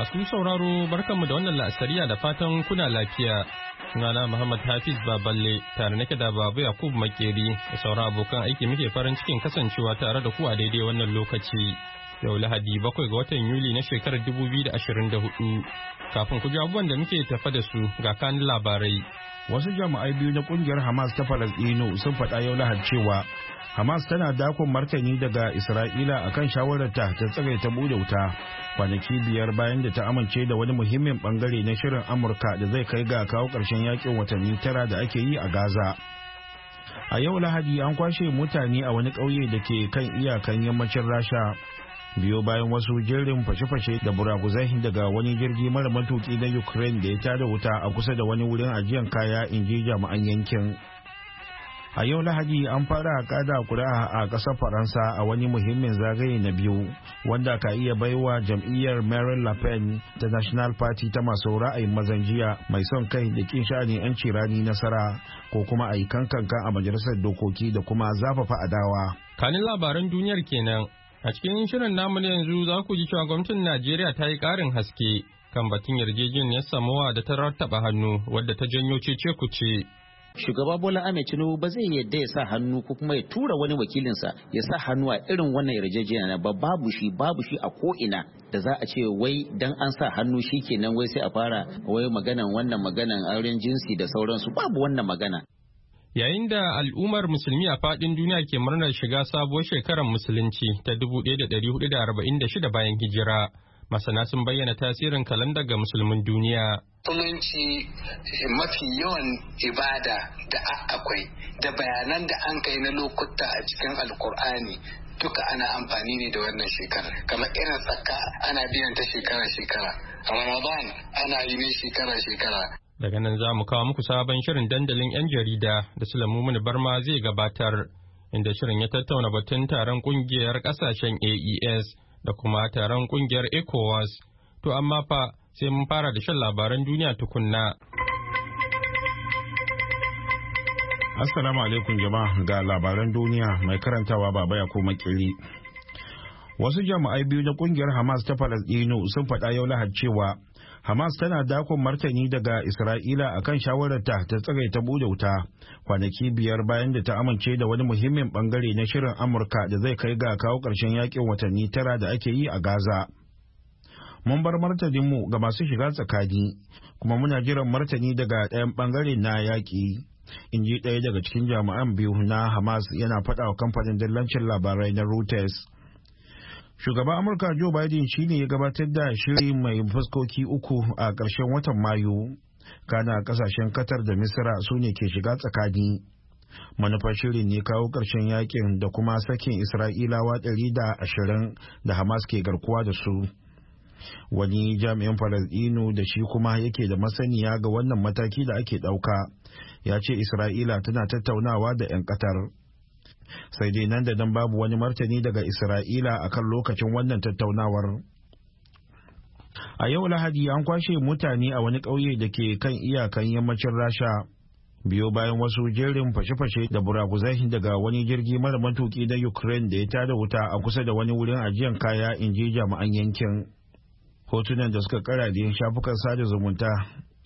Masu sauraro barkanmu da wannan la'asariya da fatan kuna lafiya. Sunana Muhammad Hafiz Baballe tare nake da Babu Yakubu Makeri da sauran abokan aiki muke farin cikin kasancewa tare da ku a daidai wannan lokaci. Yau Lahadi bakwai ga watan Yuli na shekarar dubu biyu da ashirin da hudu Kafin ku ji abubuwan da muke tafa da su ga kanin labarai. Wasu jami'ai biyu na kungiyar Hamas ta Falasɗinu sun faɗa yau Lahadi cewa Hamas tana dakon martani daga Isra'ila akan shawararta ta ta bude wuta kwanaki biyar bayan da ta amince da wani muhimmin bangare na shirin Amurka da zai kai ga kawo ƙarshen yakin watanni tara da ake yi a Gaza. A yau Lahadi an kwashe mutane a wani ƙauye da ke kan iyakan yammacin Rasha. biyo bayan wasu jirgin fashe-fashe da buraguzai daga wani jirgi mara matuki na ukraine da ya tada wuta a kusa da wani wurin ajiyar kaya in ji jami'an yankin a yau lahadi an fara kada kura a ƙasar faransa a wani muhimmin zagaye na biyu wanda ka iya baiwa jam'iyyar marine le pen ta national party ta masu ra'ayin mazan jiya mai son kai da kin sha'ani yanci rani nasara ko kuma a yi kankan a majalisar dokoki da kuma zafafa adawa kanin labaran duniyar kenan a cikin shirin namu na yanzu za ku ji cewa gwamnatin najeriya ta yi ƙarin haske kan batun yarjejeniyar samowa da ta rattaba hannu wadda ta janyo cece kuce shugaba bola ame tinubu ba zai yadda ya sa hannu ko kuma ya tura wani wakilinsa ya sa hannu a irin wannan yarjejeniya ba babu shi babu shi a ko ina da za a ce wai dan an sa hannu shi kenan wai sai a fara wai maganan wannan maganan auren jinsi da sauransu babu wannan magana Yayin da al'ummar musulmi a faɗin duniya ke murnar shiga sabuwar shekarar musulunci ta 1446 bayan hijira, masana sun bayyana tasirin kalanda ga musulmin duniya. Musulunci eh, mafi yawan ibada da akwai da bayanan da an kai na lokuta a cikin alkur'ani duka ana amfani ne da wannan shekarar kamar irin tsaka ana biyan ta shekara-shekara ramadan ana yi ne shekara-shekara daga nan za mu kawo muku sabon shirin dandalin 'yan jarida da sulamumin barma zai gabatar inda shirin ya tattauna batun taron kungiyar kasashen aes da kuma taron kungiyar ECOWAS. To amma fa sai mun fara da shan labaran duniya tukunna. Assalamu alaikum jama'a ga labaran duniya mai karantawa baba ya koma kiri. Wasu jami'ai biyu na kungiyar Hamas ta falasɗinu sun faɗa yau lahar cewa Hamas tana dakon martani daga Isra'ila akan shawararta ta tsagaita bude wuta kwanaki biyar bayan da ta amince da wani muhimmin bangare na shirin Amurka da zai kai ga kawo ƙarshen yakin watanni tara da ake yi a Gaza. Mun bar martaninmu ga masu shiga tsakani kuma muna jiran martani daga ɗayan bangare na yaƙi. In ji ɗaya daga cikin jami'an biyu na Hamas yana faɗa wa kamfanin dillancin labarai na Reuters. Shugaban Amurka Joe Biden shi ne ya gabatar da shiri mai fuskoki uku a ƙarshen watan Mayu. Kana ƙasashen Qatar da Misra su ne ke shiga tsakani. Manufar shirin ne kawo ƙarshen yakin da kuma sakin Isra'ilawa ɗari da ashirin da Hamas ke garkuwa da su. Wani jami'in Falasɗinu da shi kuma yake da masaniya ga wannan mataki da ake ɗauka. Ya ce Isra'ila tana tattaunawa da 'yan Qatar. sai dai nan da nan babu wani martani daga isra'ila a kan lokacin wannan tattaunawar a yau lahadi an kwashe mutane a wani ƙauye da ke kan iyakan yammacin rasha biyo bayan wasu jerin fashe-fashe da buraguzai daga wani jirgi mara matuki na ukraine da ya tada wuta a kusa da wani wurin ajiyan kaya in ji jami'an yankin hotunan da suka kara da yin shafukan sada zumunta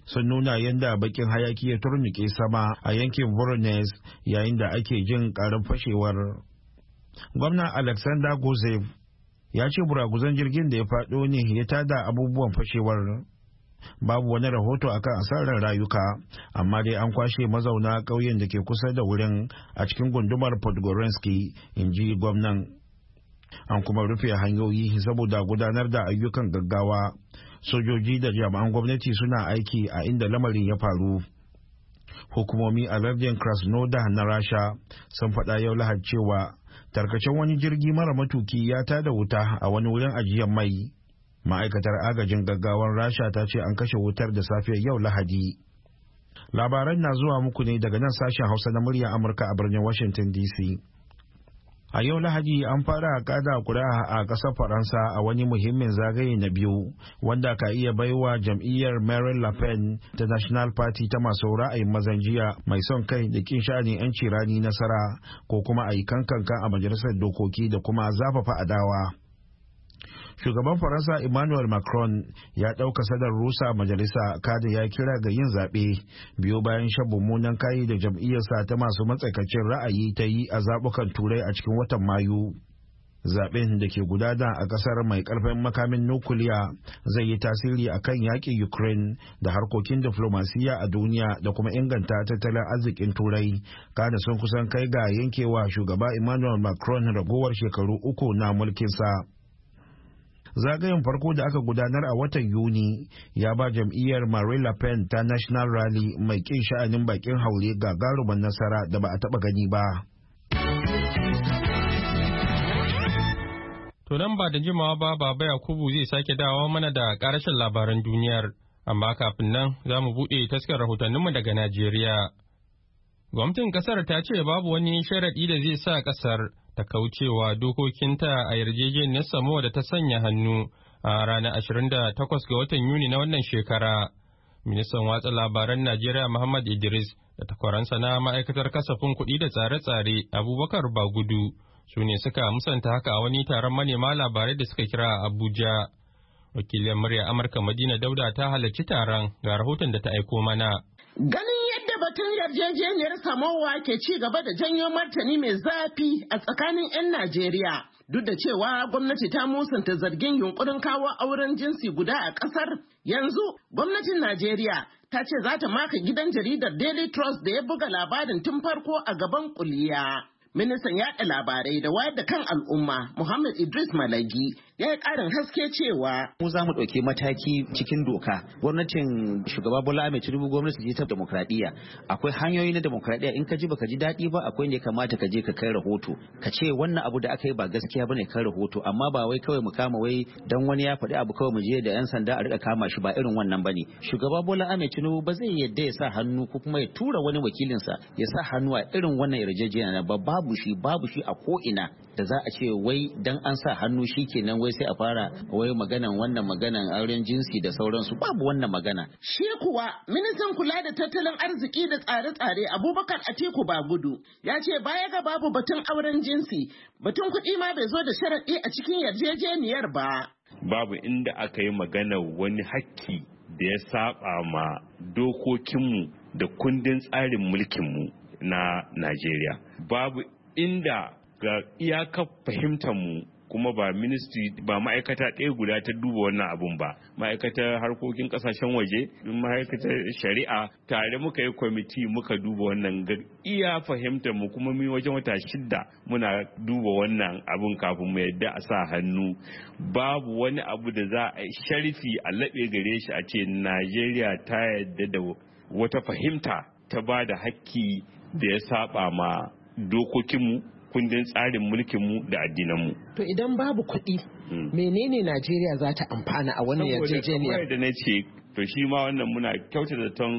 sun nuna yadda bakin hayaki ya turnike sama a yankin Voronezh yayin da ake jin karin fashewar. Gwamnan Alexander Gozev ya ce buraguzan jirgin da ya faɗo ne ya tada abubuwan fashewar. Babu wani rahoto akan asarar rayuka, amma dai an kwashe mazauna ƙauyen da ke kusa da wurin a cikin gundumar Podgorensky, in ji gwamnan. An kuma rufe hanyoyi saboda gudanar da ayyukan gaggawa. sojoji da jami'an gwamnati suna aiki a inda lamarin ya faru hukumomi a lardin krasnodar na rasha sun faɗa yau lahar cewa tarkacen wani jirgi mara matuki ya tada wuta a wani wurin ajiyar mai ma'aikatar agajin gaggawan rasha ta ce an kashe wutar da safiyar yau lahadi labaran na zuwa muku ne daga nan sashen hausa na murya amurka a birnin washington dc A yau Lahadi an fara kada kura a ƙasar Faransa a wani muhimmin zagaye na biyu wanda ka iya baiwa jam'iyyar Marine Le Pen ta National Party ta masu ra'ayin mazan jiya mai son kai da kin sha'ani 'yanci rani nasara ko kuma a yi kankan a majalisar dokoki da kuma zafafa adawa. shugaban faransa emmanuel macron ya ɗauka sadar rusa majalisa kada ya kira ga yin zaɓe biyo bayan shan mummunan kayi da jam'iyyarsa ta masu matsakaicin ra'ayi ta yi a zaɓukan turai a cikin watan mayu zaɓen da ke gudana a ƙasar mai ƙarfin makamin nukuliya zai yi tasiri a kan yaƙin ukraine da harkokin diflomasiyya a duniya da kuma inganta tattalin arzikin turai kada sun kusan kai ga yankewa shugaba emmanuel macron ragowar shekaru uku na mulkinsa. zagayen farko da aka gudanar a watan yuni ya ba jam'iyyar le pen ta national rally mai kin sha'anin bakin haure gagaruman nasara da ba a taba gani ba to nan ba da jimawa ba baba yakubu zai sake dawo mana da karashin labaran duniyar amma kafin nan za mu buɗe taskar rahotanninmu daga najeriya gwamnatin kasar ta ce babu wani sharaɗi da zai sa kasar ta kaucewa dokokinta a yarjejeniyar samuwa da ta sanya hannu a ranar 28 ga watan Yuni na wannan shekara. Ministan watsa labaran Najeriya Muhammad Idris da takwaransa na ma'aikatar kasafin kuɗi da tsare-tsare Abubakar Bagudu su ne suka musanta haka a wani taron manema labarai da suka kira a Abuja. wakiliyar murya Amurka Madina Dauda ta halarci taron ga rahoton da ta aiko mana. Gani yarjejeniyar samowa ke ci gaba da janyo martani mai zafi a tsakanin 'yan Najeriya. Duk da cewa gwamnati ta musanta zargin yunkurin kawo auren jinsi guda a ƙasar, yanzu gwamnatin Najeriya ta ce za ta maka gidan jaridar Daily Trust da ya buga labarin tun farko a gaban kuliya. Ministan yaɗa labarai da wayar da kan al'umma Muhammad Idris Malagi ya yi karin haske cewa mu za mu ɗauki mataki cikin doka gwamnatin shugaba bola mai tinubu gwamnati ji ta demokradiyya akwai hanyoyi na demokradiyya in ka ji baka ji daɗi ba akwai ne kamata ka je ka kai rahoto ka ce wannan abu da aka yi ba gaskiya bane kai rahoto amma ba wai kawai mu kama wai dan wani ya faɗi abu kawai mu je da yan sanda a rika kama shi ba irin wannan bane shugaba bola mai tinubu ba zai yadda ya sa hannu ko kuma ya tura wani wakilinsa ya sa hannu a irin wannan yarjejeniya ba babu shi babu shi a ko ina da za a ce wai dan an sa hannu shikenan wai sai a fara wai maganan wannan maganan auren jinsi da sauransu babu wannan magana. Shi kuwa ministan kula da tattalin arziki da tsare-tsare Abubakar Atiku Bagudu ya ce baya ga babu batun auren jinsi batun kuɗi ma bai zo da sharaɗi a cikin yarjejeniyar ba. Babu inda aka yi magana wani hakki da ya saba ma dokokinmu da kundin tsarin mulkinmu na Najeriya. Babu inda ga iyakar mu. kuma ba ministry ba ma'aikata ɗaya guda ta duba wannan abun ba ma'aikatar harkokin kasashen waje ma'aikatar shari'a tare muka yi kwamiti muka duba wannan iya fahimtar mu kuma mi wajen wata shidda muna duba wannan abun kafin mu yadda a sa hannu babu wani abu da za a sharifi a laɓe gare shi a ce najeriya ta yadda da wata fahimta ta ba da hakki da ya saba ma dokokinmu kundin tsarin mulkinmu da addinanmu. To idan babu kuɗi hmm. menene Najeriya za ta amfana a wannan yarjejeniyar? da na ce to shi ma wannan muna kyautata ton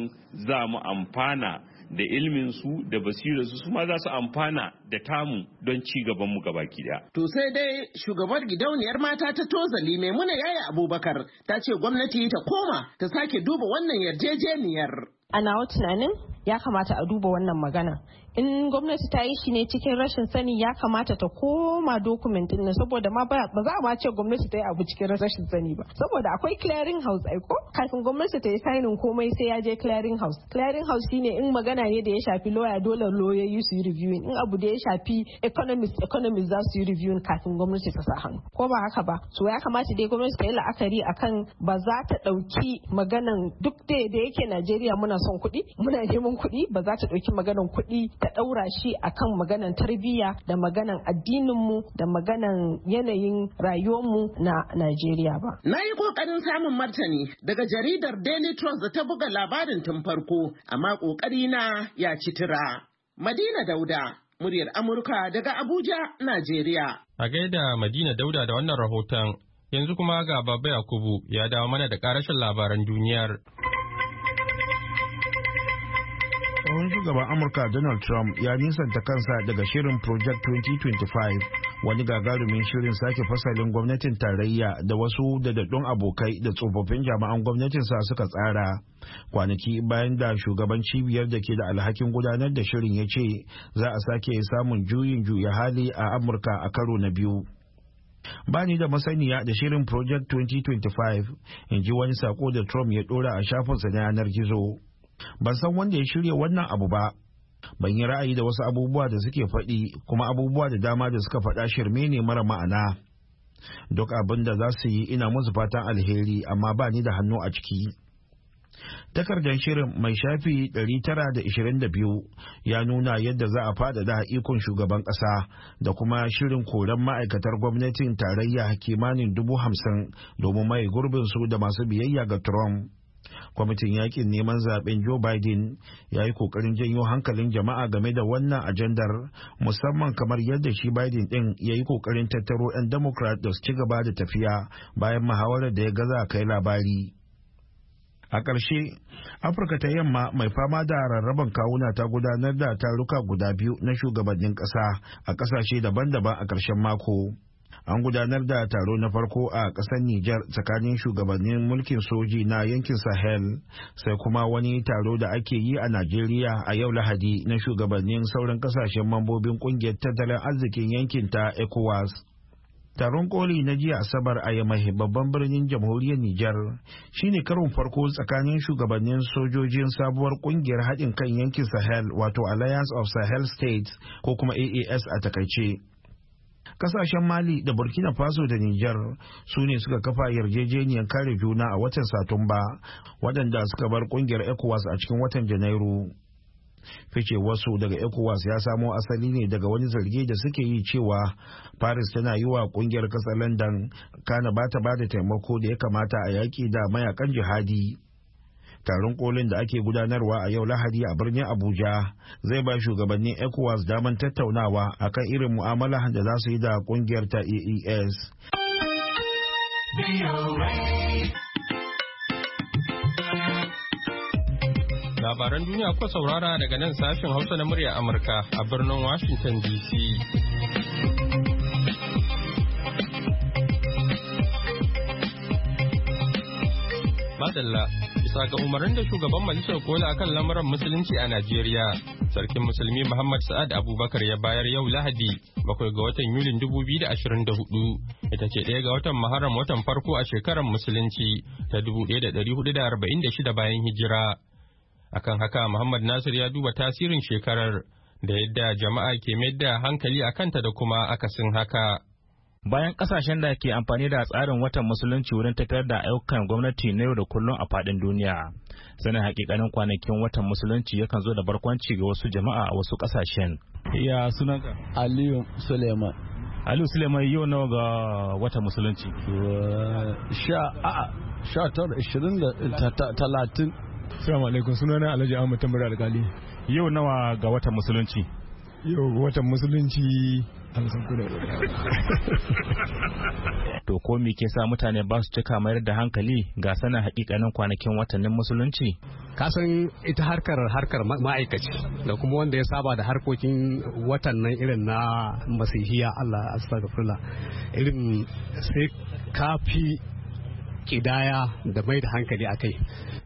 za mu amfana da ilmin su da basirarsu su ma za su amfana da tamu don ci gaban mu gaba daya. To sai dai shugabar gidauniyar mata ta Tozali muna Yaya Abubakar ta ce gwamnati ta koma ta sake duba wannan yarjejeniyar. A nawa tunanin ya kamata a duba wannan magana in gwamnati ta yi shi ne cikin rashin sani ya kamata ta koma dokumentin din saboda ma ba za a ma ce gwamnati ta yi abu cikin rashin sani ba saboda akwai clearing house aiko kafin gwamnati ta yi kainin komai sai ya je clearing house clearing house shine in magana ne da ya shafi lawyer dole lawyoyi su yi reviewing in abu da ya shafi economist economist za su yi reviewing kafin gwamnati ta sa hannu ko ba haka ba to ya kamata dai gwamnati ta yi la'akari akan ba za ta dauki maganan duk da yake Najeriya muna son kuɗi muna neman kuɗi ba za ta dauki maganan kuɗi ka ɗaura shi akan maganan tarbiyya da maganan addininmu da maganan yanayin rayuwarmu na Najeriya ba. Na yi ƙoƙarin samun martani daga jaridar Daily Trust da ta buga labarin tun farko, amma ƙoƙari na ya ci tira. Madina Dauda, muryar Amurka daga Abuja, Najeriya. A gaida Madina Dauda da wannan rahoton, yanzu kuma ga Baba Yakubu ya dawo mana da ƙarashin labaran duniyar. tsohon shugaban amurka donald trump ya nisanta kansa daga shirin project 2025 wani gagarumin shirin sake fasalin gwamnatin tarayya da wasu dadaddun abokai da tsofaffin jami'an gwamnatin sa suka tsara kwanaki bayan da shugaban cibiyar da ke da alhakin gudanar da shirin ya ce za a sake samun juyin juya hali a amurka a karo na biyu Bani da masaniya da shirin project 2025 in ji wani sako da trump ya dora a shafinsa na yanar gizo ban san wanda ya shirya wannan abu ba ban yi ra'ayi da wasu abubuwa da suke faɗi kuma abubuwa da dama da suka faɗa shirme ne mara ma'ana duk abin da za su yi ina musu fatan alheri amma ba ni da hannu a ciki takardar shirin mai shafi 922 ya nuna yadda za a faɗaɗa ikon shugaban ƙasa da kuma shirin koran ma'aikatar gwamnatin tarayya kimanin dubu hamsin domin mai gurbin su da masu biyayya ga trump kwamitin yakin neman zaben joe biden ya yi kokarin janyo hankalin jama'a game da wannan ajandar musamman kamar yadda shi biden din ya yi kokarin tattaro 'yan democrat da su ci gaba da tafiya bayan muhawarar da ya gaza kai labari a ƙarshe afirka ta yamma mai fama da rarraban kawuna ta gudanar da taruka guda biyu na shugabannin ƙasa a ƙasashe daban-daban a ƙarshen mako an gudanar da taro na farko a ƙasar Nijar tsakanin shugabannin mulkin soji na yankin Sahel sai kuma wani taro da ake yi a Najeriya a yau Lahadi na shugabannin sauran ƙasashen mambobin ƙungiyar tattalin arzikin yankin ta ECOWAS. Taron koli na jiya Asabar a Yamahi babban birnin jamhuriyar Nijar shine karin farko tsakanin shugabannin sojojin sabuwar kungiyar haɗin kan yankin Sahel wato Alliance of Sahel States ko kuma AAS a takaice. kasashen mali da burkina faso da niger su ne suka kafa yarjejeniyar kare juna a watan satumba waɗanda suka bar ƙungiyar ecowas a cikin watan janairu fice wasu daga ecowas ya samo asali ne daga wani zargi da suke yi cewa paris tana yi wa kungiyar kasar london kana ba ta ba da taimako da ya kamata a yaƙi da mayakan jihadi taron kolin da ake gudanarwa a yau lahadi a birnin abuja zai ba shugabannin ecowas damar tattaunawa akan irin mu'amala da za su yi da kungiyar ta ees labaran duniya kuka saurara daga nan sashen hausa na murya amurka a birnin washington dc madalla saka ga umarnin da shugaban majalisar kola kan lamuran musulunci a Najeriya. Sarkin musulmi Muhammad Sa'ad Abubakar ya bayar yau Lahadi bakwai ga watan Yulin 2024 ita ce ɗaya ga watan Muharram watan farko a shekarar musulunci ta 1446 bayan hijira. Akan haka Muhammad Nasir ya duba tasirin shekarar da yadda jama'a ke mayar da hankali a kanta da kuma akasin haka. bayan kasashen da ke amfani da tsarin watan musulunci wurin tafiyar da ayyukan gwamnati na yau da kullum a fadin duniya sanin hakikanin kwanakin watan musulunci yakan zo da barkwanci ga wasu jama'a a wasu kasashen ya sunanka aliyu suleiman aliyu suleiman yau nawa ga watan musulunci sha a sha tara ishirin da talatin salamu alaikum sunana alhaji ahmad tambara alkali yau nawa ga watan musulunci yau watan musulunci hamsin kudin to ko me ke sa mutane ba su cika mayar da hankali ga sanin hakikanin kwanakin watannin musulunci ka san ita harkar harkar ma'aikaci da kuma wanda ya saba da harkokin watan nan irin na masihiya Allah astagfirullah irin sai kafi kidaya da mai da hankali akai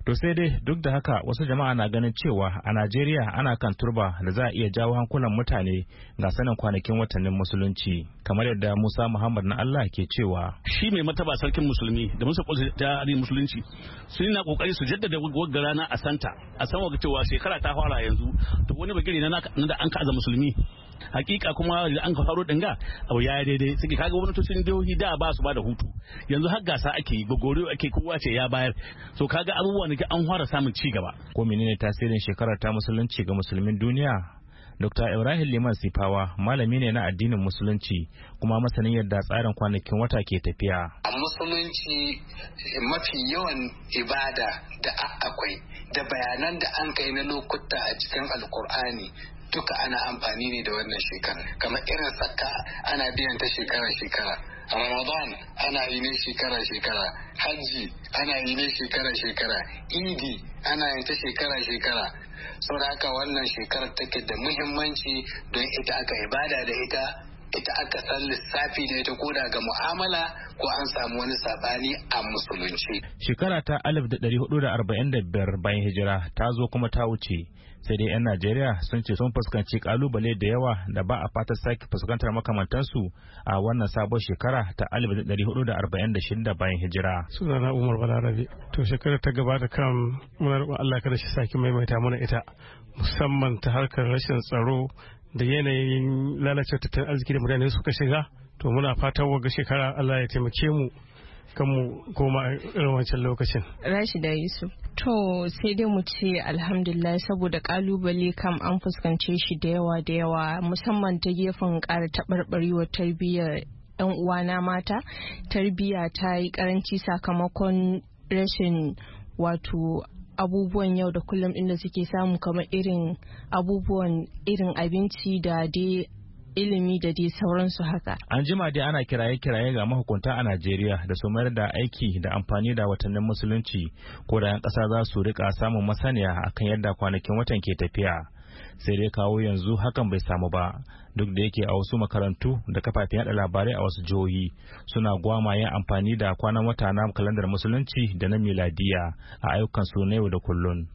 to sai dai duk da haka wasu jama'a na ganin cewa a najeriya ana kan turba da za a iya jawo hankulan mutane ga sanin kwanakin watannin musulunci kamar yadda musa muhammad na allah ke cewa shi mai mataba sarkin musulmi da musa da tarihin musulunci sun na kokari su jaddada wagga rana a santa a san cewa shekara ta fara yanzu to wani bagire na da an ka musulmi hakika kuma da an ka faro dinga abu ya daidai suke kaga gwamnatocin jihohi da ba su ba da hutu yanzu har gasa ake yi gogoro ake kowa ce ya bayar so kaga abubuwan da an fara samun ci gaba ko menene tasirin shekarar ta musulunci ga musulmin duniya Dr. Ibrahim Liman Sifawa malami ne na addinin Musulunci kuma masanin yadda tsarin kwanakin wata ke tafiya. A Musulunci mafi yawan ibada da akwai da bayanan da an kai na lokuta a cikin Alkur'ani duka ana amfani ne da wannan shekarar kamar irin sakka ana biyan ta shekara-shekara ramadan ana yi ne shekara-shekara hajji ana yi ne shekara-shekara idi ana yin ta shekara-shekara saboda haka wannan shekarar take da muhimmanci don ita aka ibada da ita ita aka san lissafi ne ta koda ga mu'amala ko an samu wani sabani a musulunci. Shekara ta 1445 bayan hijira ta zo kuma ta wuce. Sai dai 'yan Najeriya sun ce sun fuskanci kalubale da yawa da ba a fata sake fuskantar makamantansu a wannan sabon shekara ta 1446 bayan hijira. Sunana Umar Balarabe. To shekarar ta gabata kan muna roƙon Allah kada shi sake maimaita mana ita musamman ta harkar rashin tsaro da yanayin lalacewar tattalin arziki da mutane suka shiga to muna fatan waga shekara Allah ya taimake mu kan mu koma irin wancan lokacin. da Yusuf. To sai dai mu ce alhamdulillah saboda kalubale kam an fuskance shi da yawa da yawa musamman ta gefen ƙara taɓarɓarewar tarbiyyar 'yan uwana mata tarbiyya ta yi karanci sakamakon rashin wato abubuwan yau da kullum inda suke samu kamar irin abubuwan irin abinci da dai ilimi da dai sauransu haka. An jima dai ana kiraye-kiraye ga mahukunta a Najeriya da su mayar da aiki da amfani da watannin musulunci ko da 'yan ƙasa za su rika samun masaniya akan yadda kwanakin watan ke tafiya. Sai dai kawo yanzu hakan bai samu ba. duk da yake a wasu makarantu da kafafen yaɗa labarai a wasu jihohi suna gwamaye amfani da kwanan wata na kalandar musulunci da na miladiya a ayyukan su na yau da kullum.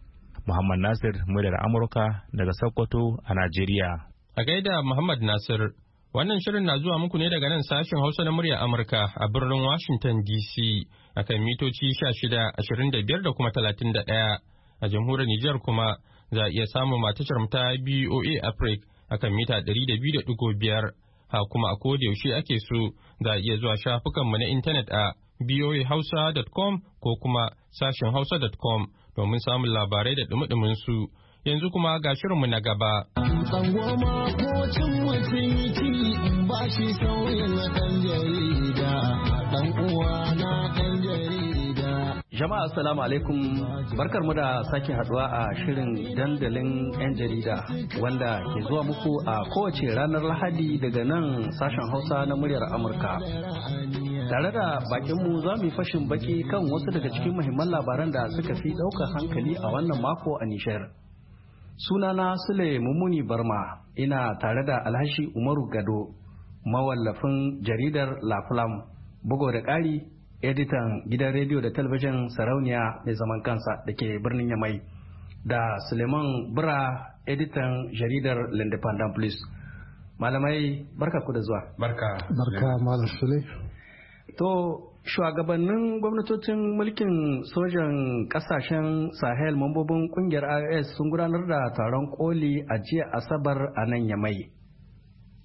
muhammad nasir muryar amurka daga sokoto a najeriya a gaida muhammad nasir wannan shirin na zuwa muku ne daga nan sashen hausa na muryar amurka a birnin washington dc akan mitoci 16 25 da kuma ɗaya a jamhuriyar nijar kuma za a iya samun matashar mu ta boa africa akan mita 200.5 ha kuma a koda yaushe ake so za a iya zuwa shafukanmu na intanet a boahausa.com ko kuma sashen hausa.com domin samun labarai da dumi su yanzu kuma ga shirinmu na gaba. Ɗan uwa na Jama'a assalamu alaikum barkarmu da sake haduwa a shirin dandalin 'yan jarida wanda ke zuwa muku a kowace ranar lahadi daga nan sashen hausa na muryar Amurka. Tare da bakinmu za mu yi fashin baki kan wasu daga cikin muhimman labaran da suka fi ɗaukar hankali a wannan mako a Nishar. Sunana Sule mumuni Barma ina tare da Alhashi Umaru Gado mawallafin jaridar La bugo da ƙari editan gidan rediyo da talabijin sarauniya mai zaman kansa da ke birnin yamai da suleiman bura editan jaridar l'independent plus malamai barka ku da zuwa barka barka malam sule to shugabannin gwamnatocin mulkin sojan kasashen sahel mambobin kungiyar ios sun gudanar da taron koli a jiya asabar a nan yamai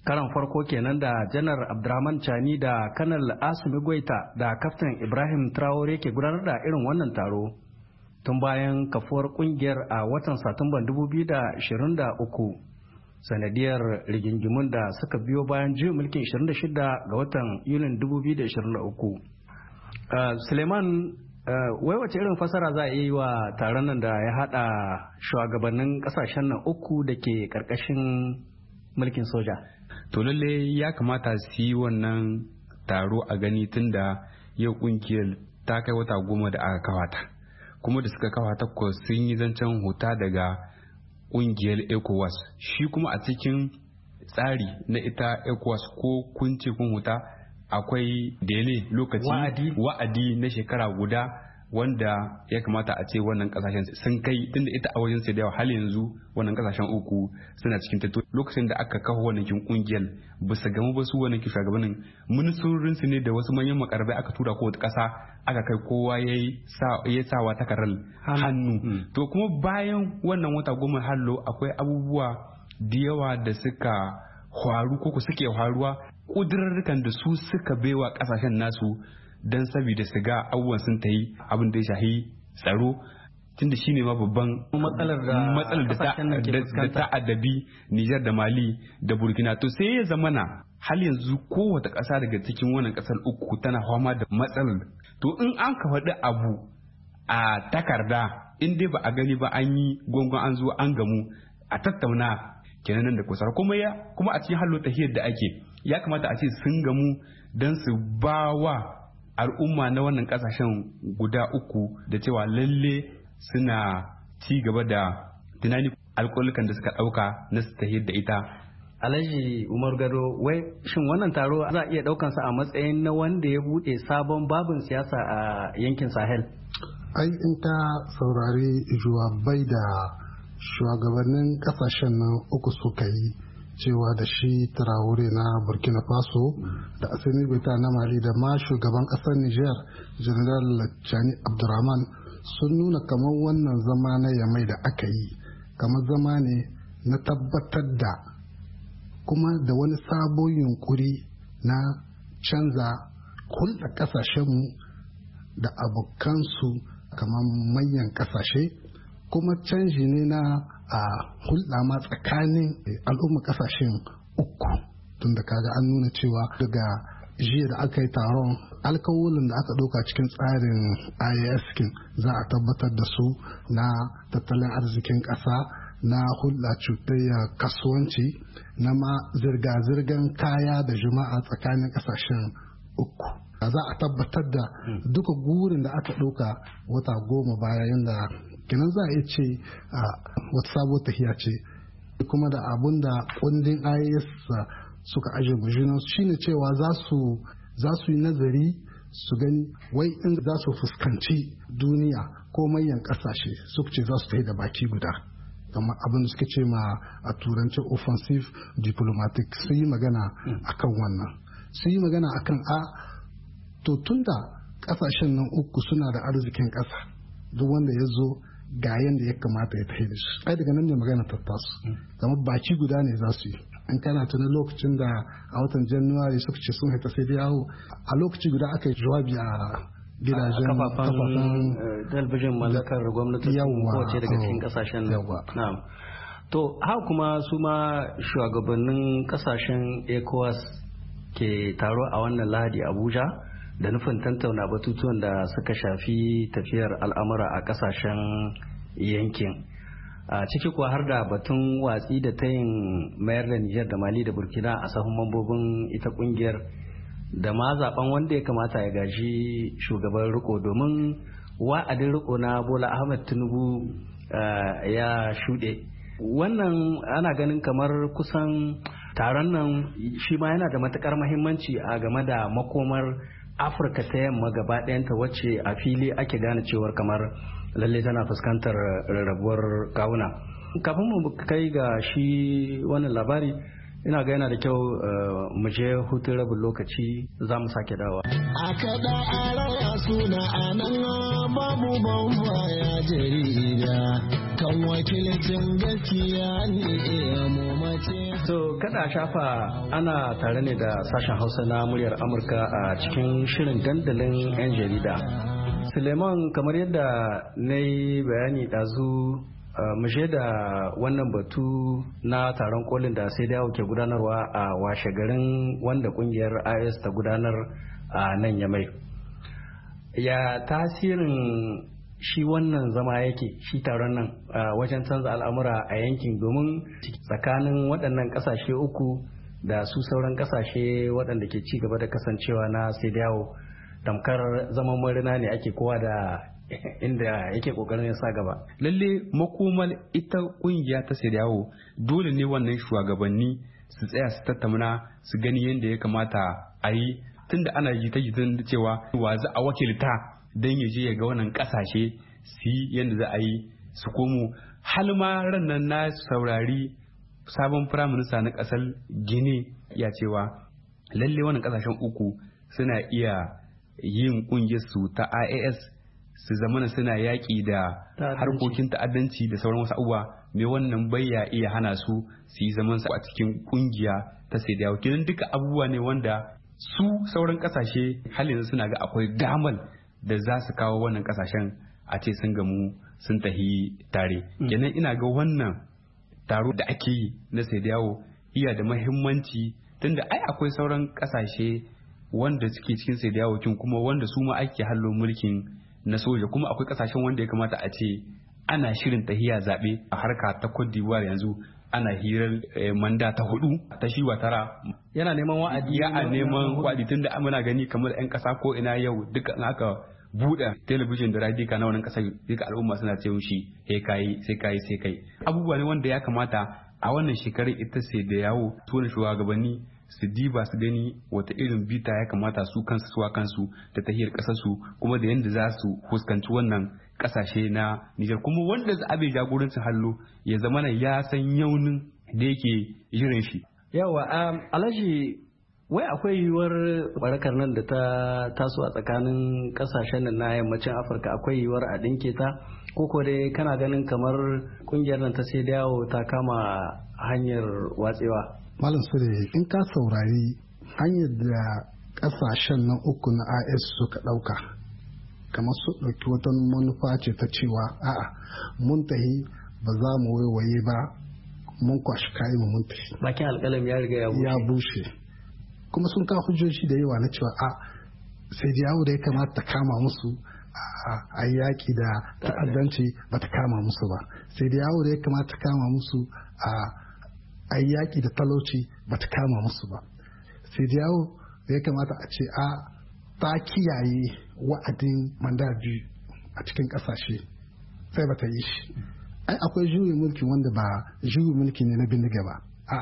karan farko kenan da janar abdurrahman chani da kanal asimi goita da kaftan ibrahim traore ke gudanar da irin wannan taro tun bayan kafuwar kungiyar a watan satumban 2023 sanadiyar rigingimun da suka biyo bayan juyin mulkin 26 ga watan yulin 2023 uh, suleiman uh, wai wace irin fasara za a yi wa taron nan da ya hada shugabannin kasashen nan uku da ke karkashin mulkin soja to lalle ya kamata su yi wannan taro a gani tunda yau kungiyar ta kai wata goma da aka kawata kuma da suka kawata ko sun yi zancen huta daga kungiyar ecowas shi kuma a cikin tsari na ita ecowas ko kun ce kun huta akwai dele lokaci wa'adi na shekara guda wanda ya kamata a ce wannan kasashen sun kai tun da ita a wajen sai da yawa hali yanzu wannan kasashen uku suna cikin tattu lokacin da aka kawo wannan kin kungiyar ba su gamu ba su wannan kin shugabannin ministorin su ne da wasu manyan makarbai aka tura kowace kasa aka kai kowa ya sa sawa takarar hannu hmm. to kuma bayan wannan wata goma hallo akwai abubuwa da yawa da suka faru ko suke faruwa kudurarrukan da su suka baiwa kasashen nasu don saboda su ga abubuwan sun ta yi abin da ya shahi tsaro tun da shi ne ma babban matsalar da ta adabi Nijar da Mali da Burkina to sai ya zama na hal yanzu kowata kasa daga cikin wannan ƙasar uku tana fama da matsalar to in an ka faɗi abu a takarda in dai ba a gani ba an yi gongon an zo an gamu a tattauna kenan da kusa kuma ya kuma a cikin hallo tahiyar da ake ya kamata a ce sun gamu don su ba wa al'umma na wannan kasashen guda uku da cewa lalle suna ci gaba da tunani alkolukan da suka ɗauka na su da ita Alhaji Umar Gado, wai shin wannan taro za a iya ɗaukansa a matsayin na wanda ya buɗe sabon babin siyasa a yankin Sahel? ai in ta saurari bai da shugabannin kasashen nan uku suka yi cewa da shi Traore na Burkina Faso da Asini Bita na Mali da ma shugaban ƙasar Nijar General lachani Abdurrahman sun nuna kamar wannan zama na yamai da aka yi kamar zama ne na tabbatar da kuma da wani sabon yunkuri na canza hulɗa ƙasashenmu da abokansu kamar manyan ƙasashe kuma canji ne na a hulɗa ma tsakanin eh, al'umma ƙasashen uku tun da kaga an nuna cewa daga jiya da aka yi taron alkawulin da aka ɗauka cikin tsarin IAS za a tabbatar da su na tattalin arzikin ƙasa na hulɗa cutayya kasuwanci na ma zirga-zirgan kaya da juma'a tsakanin ƙasashen uku. za a tabbatar da hmm. duka gurin da aka ɗauka wata goma bayan da kenan za a iya ce a wata sabuwar tahiya ce kuma da abun da kundin IAS suka aje shi shine cewa za su za su yi nazari su gani wai in za su fuskanci duniya ko manyan kasashe su ce za su tafi da baki guda kamar abin da suka ce ma a turanci offensive diplomatic su yi magana akan wannan su yi magana akan a to tunda kasashen nan uku suna da arzikin kasa duk wanda ya zo ga yanda ya kamata ya tafi da shi ai daga nan ne magana ta taso baki guda ne za su yi an kana tuna lokacin da a watan januwari suka ce sun haita sai yawo a lokaci guda aka yi jawabi a gidajen kafafen eh, talbijin mallakar ko wace daga cikin oh, kasashen na'am to ha kuma su ma shugabannin kasashen ecowas ke taro a wannan lahadi abuja da nufin tantauna batutuwan da suka shafi tafiyar al'amura a kasashen yankin a ciki kuwa har da batun watsi da tayin mayar da nijar da mali da burkina a sahun mambobin ita kungiyar da ma zaben wanda ya kamata ya gaji shugaban riko domin wa'adin riko na bola ahmed tinubu ya shuɗe wannan ana ganin kamar kusan taron nan shi ma yana da matukar mahimmanci a game da makomar afirka ta yamma gaba ɗayanta wacce a fili ake gane cewar kamar lalle tana fuskantar rarrabuwar kawuna kafin mu kai ga shi wannan labari ina ga yana da kyau eh, mu je hutun rabin lokaci za mu sake dawa a kada a suna a nan babu ban jarida kan gaskiya ne eh, mu mace. So kada shafa ana tare ne da sashen Hausa na muryar Amurka a cikin shirin dandalin 'yan jarida. Suleiman kamar yadda na yi bayani ɗazu mushe da wannan batu na taron kolin da sai dawo ke gudanarwa a washe garin wanda kungiyar is ta gudanar a nan ya mai ya tasirin shi wannan zama yake shi taron nan wajen canza al'amura a yankin domin tsakanin waɗannan ƙasashe uku da su sauran ƙasashe waɗanda ke ci gaba da kasancewa na sai yawo tamkar zaman murna ne ake kowa da inda yake kokarin ya sa gaba. Lalle makomar ita ƙungiya ta yawo dole ne wannan shugabanni su tsaya su tattauna su gani yadda ya kamata a yi tunda ana jita jitan cewa wa za a wakilta don ya je ya ga wannan kasashe su yi yadda za a yi su komo halima ma ran na saurari sabon firaminista na kasar gini ya cewa lalle wannan kasashen uku suna iya yin kungiyar su ta IAS su zamana suna yaƙi da harkokin ta'addanci da sauran wasu abubuwa mai wannan bayya iya hana su su yi zaman a cikin kungiya ta saidawa kenan duka abubuwa ne wanda su sauran kasashe halin suna ga akwai gamal da za su kawo wannan kasashen a ce sun gamu sun tahi tare mm. kenan ina ga wannan taro da ake yi na sai iya da mahimmanci tunda ai akwai sauran kasashe wanda suke cikin sai yawo kuma wanda su ma ake hallo mulkin na soja kuma akwai kasashen wanda ya kamata a ce ana shirin tahiya zaɓe a harka ta Cote yanzu ana hirar eh, manda ta hudu ta shi wa tara yana neman wa'adi ya a neman wa'adi da muna gani kamar yan kasa ko ina yau duka aka buɗe telebijin da radika na wannan kasar duka al'umma suna ce shi he kai sai kai sai kai abubuwa ne wanda ya kamata a wannan shekarar ita sai da yawo tona shugabanni su diba su gani wata irin bita ya kamata su kansu suwa kansu da tahiyar kasarsu kuma da yadda za su fuskanci wannan kasashe na Nijar kuma wanda bai jagorancin hallo ya zama ya san yaunin da yake jiran shi. Yawa um, Alhaji wai akwai yiwuwar barakar nan da ta taso a tsakanin kasashen nan na yammacin Afirka akwai yiwuwar a dinke ta ko dai kana ganin kamar ƙungiyar nan ta sai yawo ta kama hanyar watsewa. Malam Sule in ka saurari hanyar da kasashen nan uku na AS suka ɗauka kamar su ɗauki wata manufa ce ta cewa a'a mun tahi ba za mu waiwaye ba mun kwashi kayi mu mun tahi. bakin alƙalam ya riga ya bushe kuma sun kawo hujjoji da yawa na cewa a sai da yawo da ya kamata ta kama musu a yaƙi da ta'addanci ba ta kama musu ba sai da yawo da ya kamata ta kama musu a yaƙi da talauci ba ta kama musu ba sai da yawo da ya kamata a ce a ta kiyaye wa'adin manda biyu a cikin kasashe sai ba ta yi shi ai akwai juyin mulki wanda ba juyin mulki ne na bindiga ba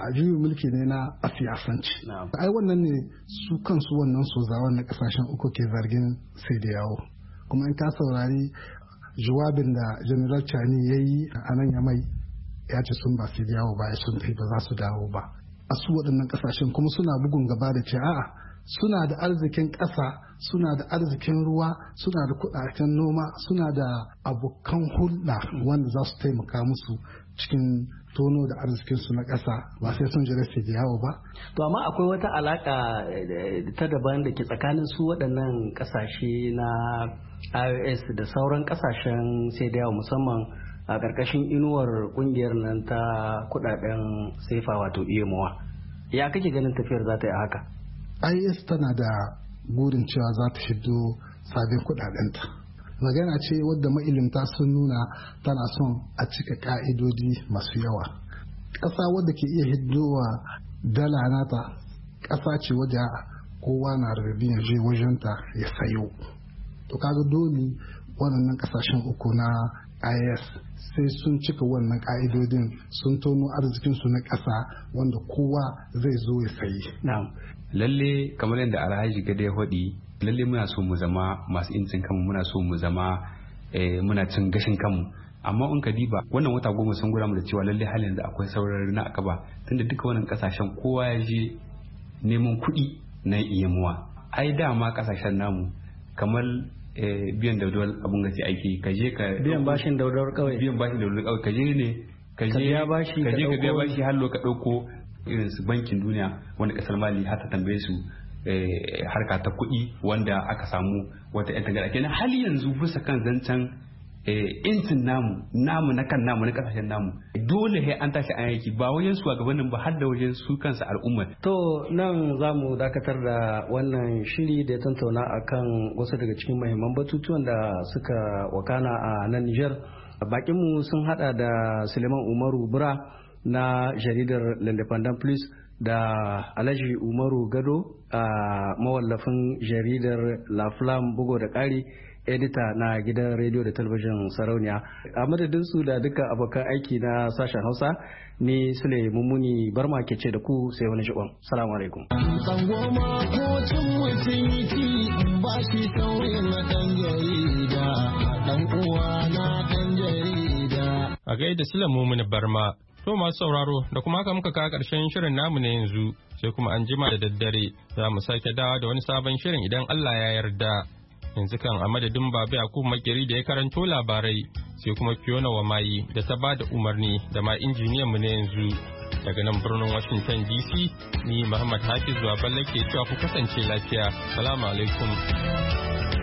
a juyin mulki ne na a siyasanci ai wannan ne su kansu wannan zawon na kasashen uku ke zargin sai da yawo kuma in ka saurari jawabin da general chani ya yi a nan ya mai ya ce sun ba sai da yawo ba ya sun ba za su dawo ba a su waɗannan kasashen kuma suna bugun gaba da ce a'a suna da arzikin ƙasa suna da arzikin ruwa suna da kudaden noma suna da abokan hulɗa wanda za su taimaka musu cikin tono da arzikinsu na ƙasa ba sai sun jira su yawo ba. To amma akwai wata alaƙa eh, ta daban da ke tsakanin su waɗannan ƙasashe na IOS da sauran ƙasashen sai da yawo musamman a ƙarƙashin inuwar ƙungiyar nan ta kudaden sefa wato iyamuwa. E ya kake ganin tafiyar za ta yi haka? is tana da gurin cewa za ta shido sabin kudadenta magana ce wadda ma'ilimta sun nuna tana son a cika ka'idodi masu yawa ƙasa wadda ke iya hidowa dala nata ƙasa ce wadda kowa na rarrabin je wajenta ya sayo to kaga dole waɗannan ƙasashen uku na ayar sai sun cika wannan ka'idodin sun tono arzikinsu na ƙasa wanda kowa zai zo ya sayi. lalle kamar yadda alhaji gada ya hodi lalle muna so mu zama masu incin kanmu muna so mu zama eh, muna cin gashin kanmu amma in ka diba wannan wata goma sun gura mu da cewa lalle halin da akwai sauran na akaba tunda duka wannan kasashen kowa ya je neman kuɗi na iyamuwa ai dama kasashen namu kamar Eh, biyan daudawar abun ga sai aiki ka je ka biyan bashin daudawar kawai biyan bashin daudawar kawai ka je ne ka je ka je ka biya bashi hallo ka dauko irin su bankin duniya wanda kasar mali har ta tambaye su eh, harka ta kuɗi wanda aka samu wata yan tagada kenan hali yanzu bisa kan zancen Eh, intin namu namu na kan namu na kasashen namu dole sai an tashi an yaki ba wajen su gabanin ba har da wajen su kansa al'umma to nan za mu dakatar da wannan shiri da ya tantauna kan wasu daga cikin mahimman batutuwan da suka wakana a nan Niger bakinmu sun hada da Suleiman Umaru Bura na jaridar L'Independent Plus da Alhaji Umaru Gado a mawallafin jaridar La Flamme bugo da Kari. edita na gidan rediyo da talabijin sarauniya a madadin su da duka abokan aiki na sashen hausa ni sule mummuni barma ke ce da ku sai wani shigon salamu alaikum a gaida sule mummuni barma to masu sauraro da kuma haka muka kawo karshen shirin namu na yanzu sai kuma an jima da daddare za mu sake dawa da wani sabon shirin idan allah ya yarda yanzu kan a madadin babu yakub makeri da ya karanto labarai sai kuma fiona wa mayi da ta ba da umarni da ma injiniyan mu na yanzu daga nan birnin washington dc ni muhammad hafiz zuwa ke cewa ku kasance lafiya salamu alaikum